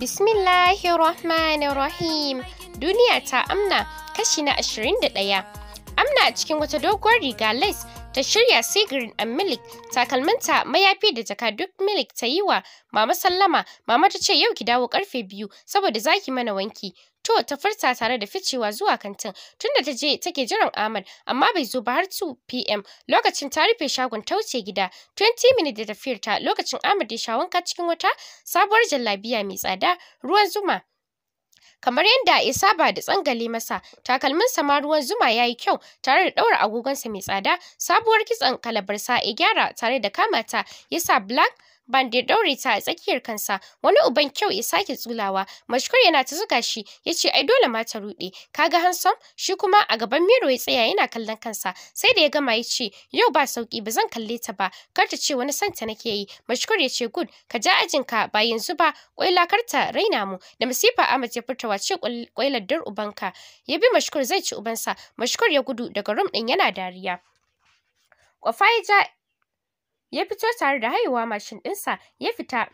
Bismillahirrahmanirrahim. Duniya ta amna kashi na 21. Amna cikin wata doguwar riga lace ta shirya sigirin a milik takalminta mayafi da jaka duk milik ta yi wa mama sallama mama ta ce yau ki dawo karfe biyu saboda zaki mana wanki to ta furta tare da ficewa zuwa kantin tunda ta je take jiran Ahmad amma bai zo ba har 2 pm lokacin ta rufe shagon tauce gida 20 minutes da tafiyar ta lokacin Ahmad ya sha wanka cikin wata sabuwar jallabiya mai tsada ruwan zuma kamar yadda ya saba da tsangale masa takalmin ma ruwan zuma ya yi kyau tare da ɗaura agogonsa mai tsada sabuwar kitson kalabarsa ya gyara tare da kamata ya sa black Ban da daure ta a tsakiyar kansa, wani uban kyau ya sake tsulawa, mashkur yana ta zuga shi, ya ce ai dole ma ta ruɗe. ga Hansom, shi kuma a gaban Miro ya tsaya yana kallon kansa, sai da ya gama ya ce, yau ba sauki ba zan kalle ta ba, kar ta ce wani santa nake yi. Mashkur ya ce gud. ka ja ajin ka. ba yanzu ba, kwaila kar ta raina mu. Da masifa Ahmad ya furta wace kwailar dar ubanka. Ya bi Mashkur zai ci ubansa, Mashkur ya gudu daga rum ɗin yana dariya. Kwafa ya ja ya fito tare da haihuwa mashin ɗinsa ya fita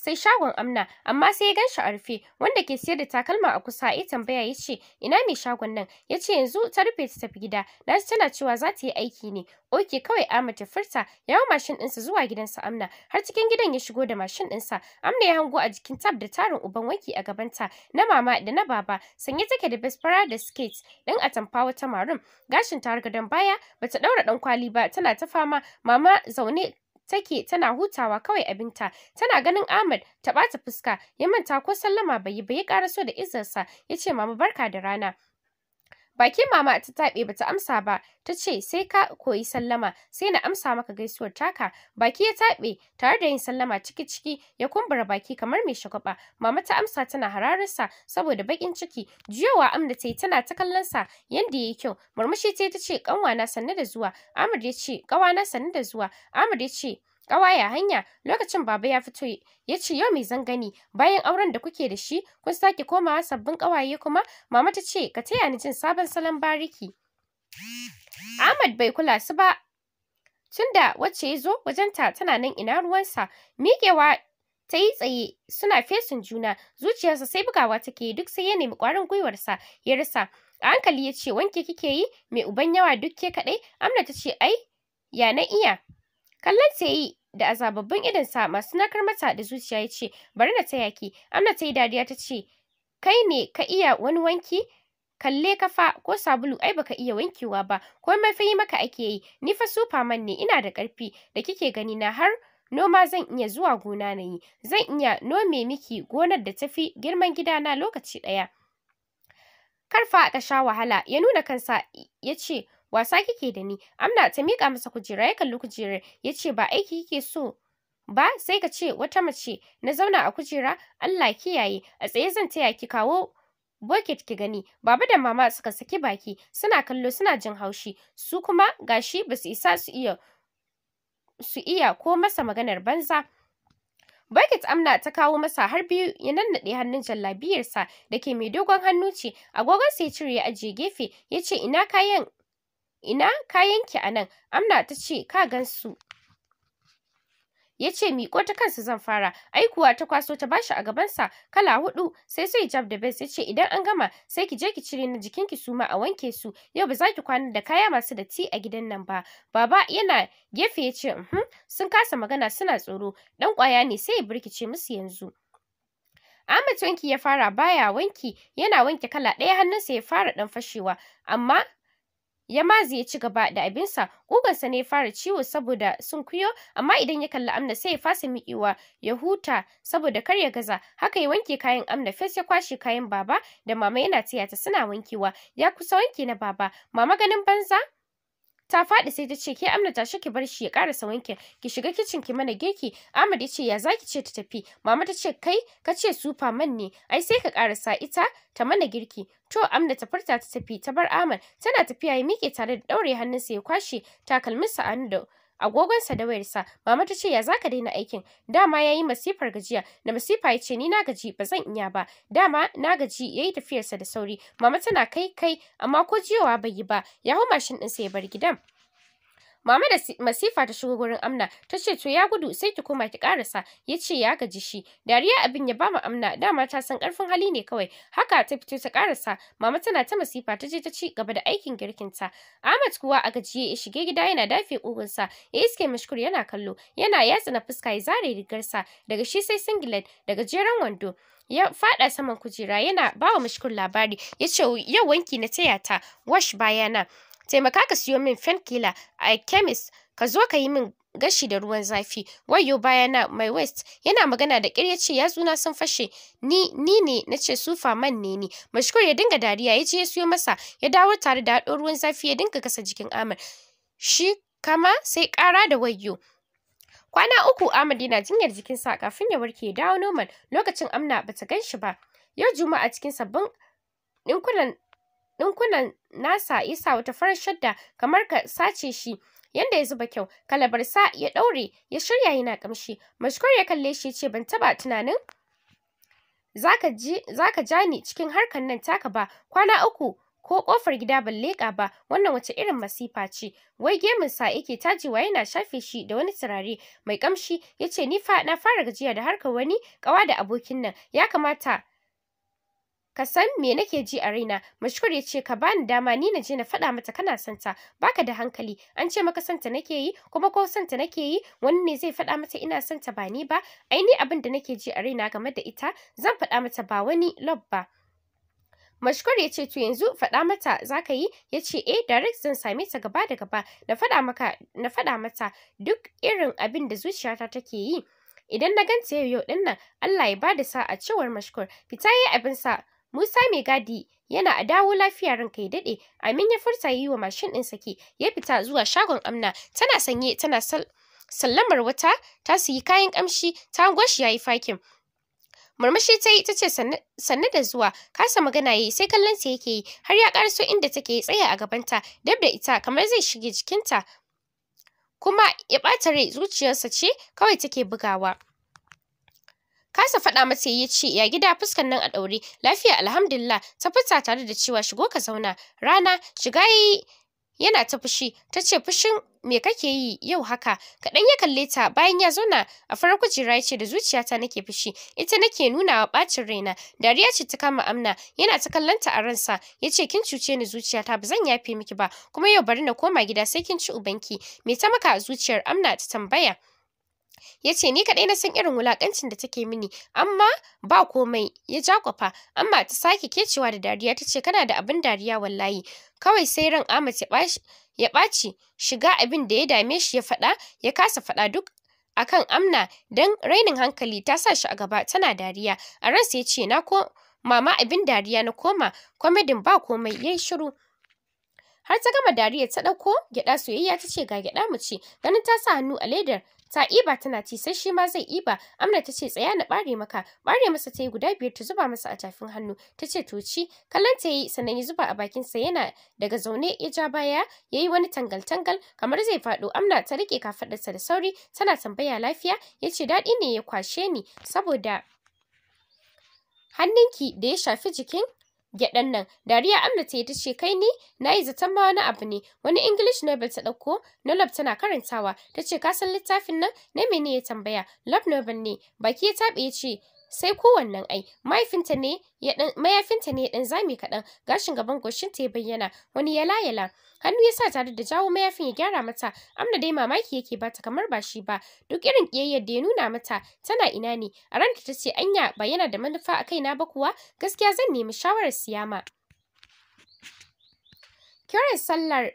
sai shagon amna amma sai ya ganshi a rufe wanda ke sayar da takalma a kusa ya tambaya ya ce ina mai shagon nan ya ce yanzu ta rufe ta tafi gida na ji tana cewa za ta yi aiki ne oke kawai ama ta furta ya hau mashin ɗinsa zuwa gidansa amna har cikin gidan ya shigo da mashin ɗinsa amna ya hango a jikin tab da tarin uban wanki a gabanta na mama da na baba sanye take da bespara da skate ɗin atamfa wata marun gashin ta gadon baya bata ɗaura ɗan kwali ba tana ta fama mama zaune take tana hutawa kawai abinta tana ganin Ahmad ta ɓata fuska ya manta ko sallama bai yi bai ya ƙara so da izarsa ya ce mama barka da rana Bakin mama ta taɓe bata amsa ba, ta ce sai ka koyi sallama sai na amsa maka gaisuwar taka. Baki ya taɓe tare da yin sallama ciki-ciki ya kumbura baki kamar mai shagwaba. Mama ta amsa tana hararsa saboda baƙin ciki. Jiyowa amda ta yi tana ta kallon sa yanda yayi kyau. Murmushi ta tace ce ƙanwana sanne da zuwa. Ahmad ya ce ƙawana sanne da zuwa. Ahmad ya ce Ƙawaye, a hanya, lokacin baba ya fito ya ce yau mai zan gani bayan auren da kuke da shi kun sake komawa sabbin ƙawaye kuma mama ta ce ka taya ni jin sabon salon bariki. Ahmad bai kula su ba tunda wacce ya zo wajenta tana nan ina ruwansa miƙewa ta yi tsaye suna fesun juna zuciyarsa sai bugawa take duk sai ya nemi ƙwarin gwiwarsa ya rasa a hankali ya ce wanke kike yi mai uban yawa duk ke kaɗai amna ta ce ai ya na iya kallon ta yi da azababbin idon sa masu nakar mata da zuciya ya ce bari na taya ki amna ta yi dariya ta ce kai ne ka iya wani wanki kalle kafa ko sabulu ai baka iya wankewa ba ko fayi maka ake yi ni fa superman ne ina da karfi da kike gani na har noma zan iya zuwa gona na yi zan iya nome miki gonar da tafi girman gida na lokaci ɗaya karfa ka sha wahala ya nuna kansa ya ce wasa kike da ni amna ta miƙa masa kujera ya kalli kujerar ya ce ba aiki kike so ba sai ka ce wata mace na zauna a kujera Allah kiyaye a tsaye zan taya ki kawo Bokit ki gani, baba da mama suka saki baki, suna kallo suna jin haushi, su kuma gashi ba su isa su iya su iya ko masa maganar banza. Bokit amna ta kawo masa har biyu ya nannaɗe hannun jallabiyarsa da ke mai dogon hannu ce, agogonsa ya cire ya ajiye gefe, ya ce ina kayan ina kayanki a nan amna ta ce ka gansu ya ce miƙo ta kansa zan fara aikuwa ta kwaso ta bashi a gabansa kala hudu sai sai jab da bes ya ce idan an gama sai ki je ki cire na jikinki su ma a wanke su yau ba za ki kwana da kaya masu datti a gidan nan ba baba yana gefe ya ce sun kasa magana suna tsoro dan kwaya ne sai ya birkice musu yanzu Ahmad wanki ya fara baya wanki yana wanke kala ɗaya hannunsa ya fara ɗan fashewa amma Ya mazi ya ci gaba da abinsa, ƙugarsa ne ya fara ciwo saboda sun kuyo, amma idan ya kalli Amna sai ya fasa miƙewa ya huta saboda kar ya gaza. Haka ya wanke kayan Amna fes ya kwashe kayan baba da mama yana tiyata suna wankewa. Ya kusa wanke na baba. Mama ganin banza? ta faɗi sai ta ce ke amna ta ki bar shi ya karasa wanke. ki shiga kicin ki mana girki Ahmad ya ce ya zaki ce ta tafi mama ta ce kai ka ce superman ne ai sai ka karasa ita ta mana girki to amna ta furta ta tafi ta bar Ahmad tana tafiya ya miƙe tare da ɗaure hannunsa ya kwashe takalmin sa'anu da agogonsa da wayarsa mama ta ce ya zaka daina aikin dama yayi masifar gajiya da masifa ya ce ni na gaji ba zan iya ba dama na gaji yayi tafiyarsa da sauri mama tana kai kai amma ko jiyowa bai yi ba ya hau mashin ɗinsa ya bar gidan Mama da masifa ta shigo gurin Amna ta ce to ya gudu sai ki koma ki karasa ya ce ya gaji shi. Dariya abin ya bama Amna dama ta san karfin hali ne kawai haka ta fito ta karasa mama tana ta masifa ta je ta ci gaba da aikin girkinta. Ahmad kuwa a gajiye ya shige gida yana dafe kugunsa ya iske mashkur yana kallo yana yatsa na fuska ya zare rigarsa daga shi sai singlet daga jeren wando. ya fada saman kujera yana bawa mashkur labari ya ce yau wanki na taya ta wash bayana taimaka ka siyo min fenkila a chemist ka zo ka yi min gashi da ruwan zafi wayo baya na my west yana magana da ƙirya ce yatsuna sun fashe ni ni ne na ce man ne ni mashkur ya dinga dariya ya ce ya siyo masa ya dawo tare da haɗo ruwan zafi ya dinga kasa jikin amir shi kama sai ƙara da wayo kwana uku Ahmad yana jinyar jikin sa kafin ya warke ya dawo normal lokacin amna bata gan shi ba yau juma'a cikin sabbin ɗinkunan ɗinkunan nasa ya sa wata farar shadda kamar ka sace shi yanda ya zuba kyau kalabarsa ya ɗaure ya shirya yana ƙamshi mashkur ya kalle shi ya ce ban taɓa tunanin zaka ji ja ni cikin harkar nan taka ba kwana uku ko kofar gida ban leƙa ba wannan wace irin masifa ce wai gemun sa yake tajewa yana shafe shi da wani turare mai kamshi ce ni fa na fara gajiya da harkar wani ƙawa da abokin nan ya kamata ka san me nake ji a raina mashkur ya ce ka bani dama ni na je na faɗa mata kana santa baka da hankali an ce maka santa nake yi kuma ko santa nake yi wani ne zai faɗa mata ina santa ba ni ba ai ni abin da nake ji a raina game da ita zan faɗa mata ba wani lob ba Mashkur ya ce to yanzu faɗa mata za ka yi ya ce eh direct zan same ta gaba da gaba na faɗa maka na faɗa mata duk irin abin da zuciyata take yi idan na ganta yau yau ɗin Allah ya bada sa'a cewar mashkur fita yayi abin sa Musa mai gadi yana a dawo lafiya ranka ya daɗe Amin ya furta yi wa mashin ɗin saki ya fita zuwa shagon amna tana sanye tana sallamar wata ta siyi kayan ƙamshi ta gwashi yayi fakin murmushi ta yi ce sanne da zuwa kasa magana yayi sai kallon sa yake yi har ya karaso inda take tsaya a gabanta dab da ita kamar zai shige jikinta kuma ya ɓata rai zuciyarsa ce kawai take bugawa kasa faɗa mata ya ce ya gida fuskan nan a ɗaure lafiya alhamdulillah ta fita tare da cewa shigo ka zauna rana shiga yi yana ta fushi ta ce fushin me kake yi yau haka kaɗan ya kalle ta bayan ya zauna a farar kujera ya ce da zuciyata nake fushi ita nake nuna wa ɓacin raina dariya ce ta kama amna yana ta kallanta a ransa ya ce kin cuce ni zuciyata ba zan yafe miki ba kuma yau bari na koma gida sai kin ci ubanki me ta maka a zuciyar amna ta tambaya ya ce ni kaɗai na san irin wulaƙancin da take mini amma ba komai ya ja kwafa amma ta sake kecewa da dariya ta ce kana da abin dariya wallahi kawai sai ran Ahmad ya ɓaci shiga abin da ya dame shi ya faɗa ya kasa faɗa duk akan amna don rainin hankali ta sa shi a gaba tana dariya a ransa ya ce na ko mama abin dariya na koma kwamedin ba komai yayi shiru har ta gama dariya ta ɗauko gyaɗa soyayya ta ce ga gyaɗa mu ce ganin ta sa hannu a ledar ta iba tana ci sai shi ma zai iba amna tace tsaya na bare maka bare masa tayi guda biyar ta zuba masa a tafin hannu tace ce to ci kallon ta yi sannan ya zuba a bakin sa yana daga zaune ya ja baya yayi wani tangal tangal kamar zai faɗo amna ta rike sa da sauri tana tambaya lafiya yace ce daɗi ne ya kwashe ni saboda hannunki da ya shafi jikin gyaɗan nan dariya amna ta yi ce kai ni na yi zaton ma wani abu ne wani english novel ta ɗauko na lab tana karantawa ta ce ka san littafin nan na mene ya tambaya lab novel ne baki ya taɓa ya ce sai kowannen ai mahaifinta ne ya dan mayafinta ne ya dan zame kaɗan gashin gaban ta ya bayyana wani yala yala hannu ya sa tare da jawo mayafin ya gyara mata amna dai mamaki yake bata kamar ba shi ba duk irin kiyayyar da ya nuna mata tana ina ne a ranta ta ce anya ba yana da manufa a kaina ba kuwa gaskiya zan nemi shawarar siyama kiran sallar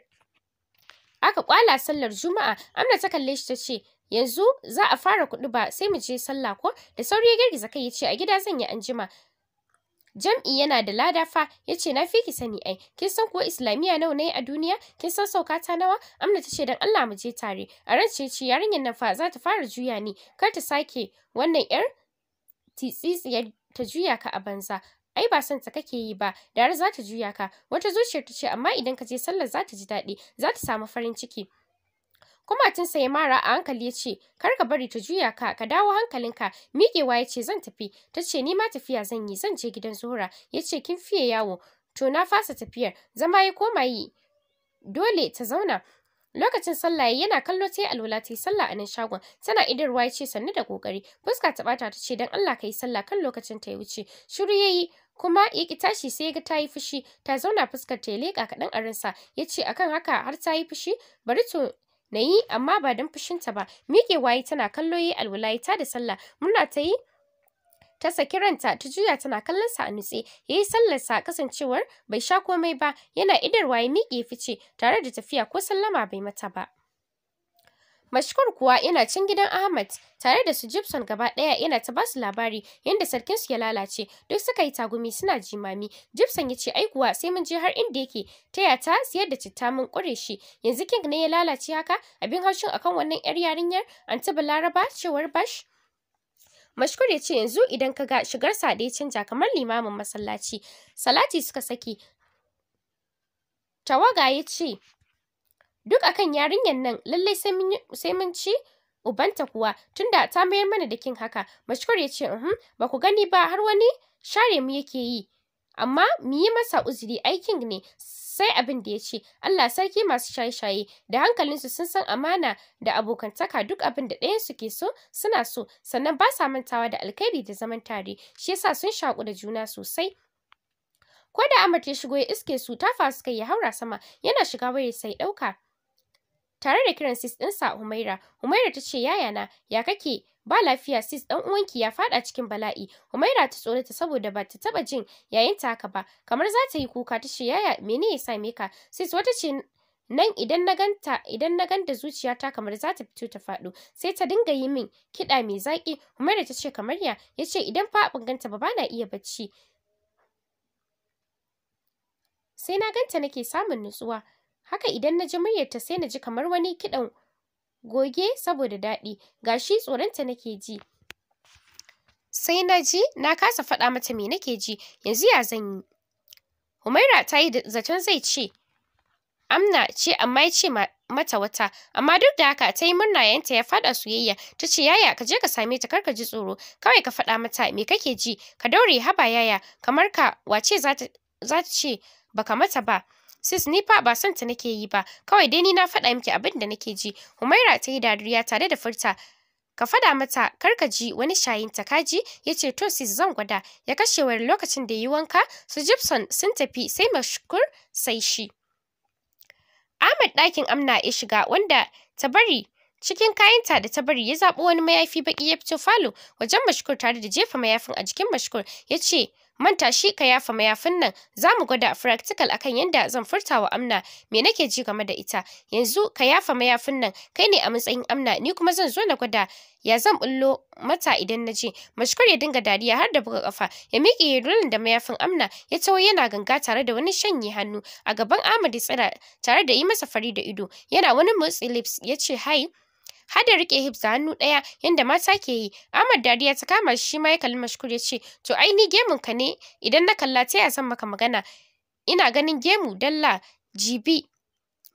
aka kwala sallar juma'a amna ta kalle shi ta ce yanzu za a fara kuɗi ba sai mu je sallah ko da sauri ya girgiza kai ya ce a gida zan yi anjima jam'i yana da lada fa ya ce na fi ki sani ai kin san kuwa islamiyya nawa ne a duniya kin san sauka ta nawa amna ta ce dan Allah mu je tare a ran ce ce yarinyar nan fa za ta fara juya ni kar ta sake wannan yar titsitsiyar ta juya ka a banza ai ba son ta kake yi ba da har za ta juya ka wata zuciyar ta ce amma idan ka je sallar za ta ji daɗi za ta samu farin ciki tun ya mara a hankali ya ce kar ka bari ta juya ka ka dawo hankalinka miƙewa ya ce zan tafi ta ce ni ma tafiya zan yi zan je gidan zuhura ya ce kin fiye yawo to na fasa tafiyar zama ya koma yi dole ta zauna lokacin sallah yana kallo ta yi alwala ta yi sallah a nan shagon tana idarwa ya ce sannu da kokari fuska ta bata ta ce don allah ka yi sallah kan lokacin ta ya wuce shiru ya yi kuma ya ki tashi sai ya ga ta yi fushi ta zauna fuskar ta ya leƙa kaɗan a ransa ya ce akan haka har ta yi fushi bari to na yi amma ba don fushinta ba miƙe waye tana kallo yi alwalayi ta da sallah murna ta yi ta saki ranta ta juya tana kallon sa a nutse yi sallar sa kasancewar bai sha komai ba yana idar waye miƙe fice tare da tafiya ko sallama bai mata ba Mashkur kuwa yana cin gidan Ahmad tare da su Gibson gaba ɗaya yana ta basu labari yadda sarkin su ya lalace duk suka yi tagumi suna jimami Gibson ya ce ai kuwa sai mun je har inda yake taya ta siyar da citta mun kure shi yanzu King ne ya lalace haka abin haushin akan wannan yar yarinyar Anti Balaraba cewar Bash Mashkur ya ce yanzu idan ka ga shigar sa da ya canja kamar limamin masallaci Salati suka saki Tawaga ya ce duk akan yarinyar nan lallai sai mun ci ubanta kuwa tunda ta mayar mana dakin haka mashkur ya ce uhum ba ku gani ba har wani share mu yake yi amma mu yi masa uzuri aikin ne sai abin da ya ce Allah sarki masu shaye-shaye da hankalinsu sun san amana da abokantaka duk abin da ɗayan su so suna so sannan ba sa mantawa da alkhairi da zaman tare shi yasa sun shaƙu da juna sosai ko da Ahmad ya shigo ya iske su ta fasu kai ya haura sama yana shiga wayar sai ɗauka Tare da kiran sis ɗinsa Humaira, Humaira ta ce yaya na ya kake ba lafiya sis ɗan uwanki ya faɗa cikin bala'i. Humaira ta tsorata saboda ba ta taɓa jin yayin ta haka ba, kamar za ta yi kuka ta ce yaya mene ya same ka? Sis wata ce nan idan na ganta idan na ganta zuciyata kamar za ta fito ta faɗo sai ta dinga yi min kiɗa mai zaƙi Humaira ta ce kamar ya ce idan fa ban ganta ba bana iya bacci sai na ganta nake samun nutsuwa haka idan na ji muryarta sai na ji kamar wani kiɗan goge saboda daɗi gashi tsoronta nake ji sai na ji na kasa faɗa mata me nake ji yanzu ya zan yi Humaira ta yi zaton zai ce Amna ce amma ya ce mata wata amma duk da haka ta yi murna yanta ya faɗa soyayya ta ce yaya ka je ka same ta kar ka ji tsoro kawai ka faɗa mata me kake ji ka daure haba yaya kamar ka wace za ta ce baka mata ba sis ni fa ba ta nake yi ba kawai dai ni na faɗa miki abin da nake ji humaira ta yi dariya tare da furta ka faɗa mata kar ka ji wani shayin ta kaji ya ce to sis zan gwada ya kashe wani lokacin da yi wanka su gibson sun tafi sai mashkur sai shi ahmad ɗakin amna ya shiga wanda ta bari cikin kayanta da ta bari ya zaɓi wani mayafi baƙi ya fito falo wajen mashkur tare da jefa mayafin a jikin mashkur ya ce manta shi ka yafa mayafin nan za mu gwada practical akan yadda zan furta wa amna me nake ji game da ita yanzu ka yafa mayafin nan kai ne a matsayin amna ni kuma zan zo na gwada ya zan bullo mata idan na je mashkur ya dinga dariya har da buga kafa ya miƙe ya rulin da mayafin amna ya tawo yana ganga tare da wani shanye hannu a gaban amadi tsira tare da yi masa fari da ido yana wani motsi lips ya ce hi har da rike hibsa hannu ɗaya yanda mata ke yi Ahmad dariya ta kama shi ma ya kalli mashkur ya ce to ai ni gemun ka ne idan na kalla ta ya san maka magana ina ganin gemu dalla jibi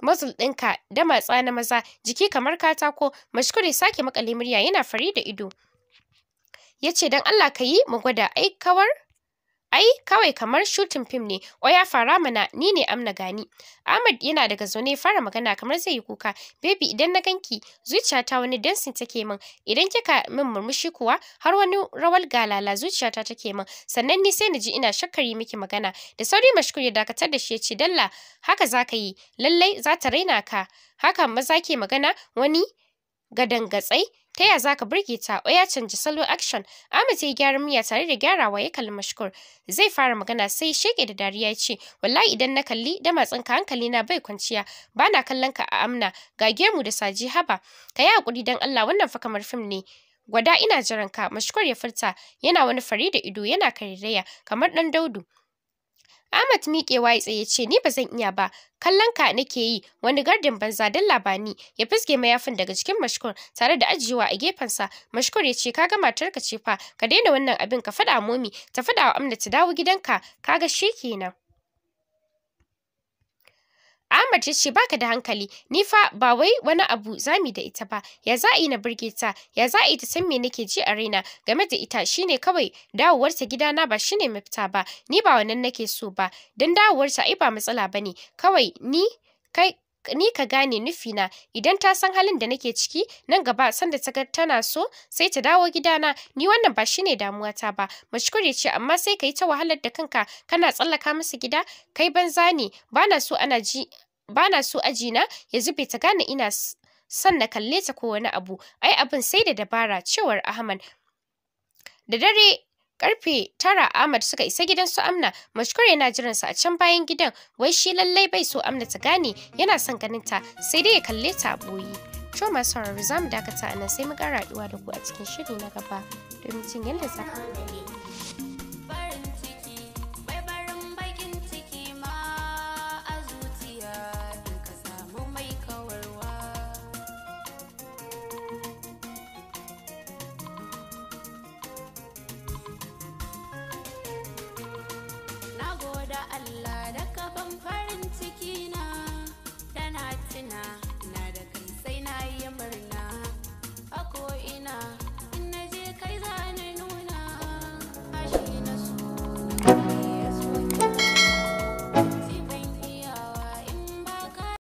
muscle dinka, da matsa na maza jiki kamar katako mashkur ya sake makale murya yana fari da ido yace dan Allah ka yi mu gwada ai kawar Ai, kawai kamar shutin fim ne, ya fara mana ni ne amna gani. Ahmad yana daga zaune fara magana kamar zai yi kuka. Baby idan na ganki, zuciyata wani dancing take min. Idan kika min murmushi kuwa, har wani rawal galala zuciyata take min. Sannan ni sai na ji ina shakkar yi miki magana. Da sauri mashkur ya dakatar da shi ya ce dalla, haka za ka yi, lallai za ta raina ka. Haka maza ke magana wani gadangatsai Ta ya za burge ta? Oya canji salo action. Ahmad ya yi gyaran miya tare da gyarawa ya kalli mashkur. Zai fara magana sai sheke da dariya ya ce, "Wallahi idan na kalli da matsinka hankali na bai kwanciya. bana kallon ka a amna. Ga gemu da saji haba. Ka yi hakuri dan Allah wannan fa kamar fim ne." Gwada ina jiran ka, mashkur ya furta, yana wani fari da ido yana karireya, kamar ɗan daudu. Ahmad miƙewa ya tsaye ce ni ba zan iya ba kallon ka nake yi wani gardin banza don labani ya fuske mayafin daga cikin mashkur tare da ajiyewa a gefensa mashkur ya ce kaga matarka ce fa ka daina wannan abin ka faɗa momi ta faɗa wa amna ta dawo gidanka kaga shi kenan Rahama ta ce baka da hankali, ni fa ba wai wani abu zami da ita ba, ya za na burge ta, ya za a ta san me nake ji a raina game da ita shine kawai dawowarta gidana ba shine mafita ba, ni ba wannan nake so ba, don dawowarta ai ba matsala bane, kawai ni kai ni ka gane nufi na idan ta san halin da nake ciki nan gaba sanda ta ga tana so sai ta dawo gidana ni wannan ba shine damuwa ta ba mashkure ce amma sai ka yi ta wahalar da kanka kana tsallaka masa gida kai banza ne na so ana ji bana so aji na? ya zube ta gane ina son na kalle ta ko wani abu ai abin sai da dabara cewar Ahmad da dare karfe tara Ahmad suka isa gidan su Amna mashkur yana jiran sa a can bayan gidan wai shi lallai bai so Amna ta gane yana son ganin ta sai dai ya kalle ta boye to ma sauraro zamu dakata anan sai mu kara da ku a cikin shiri na gaba domin cin yadda za Now.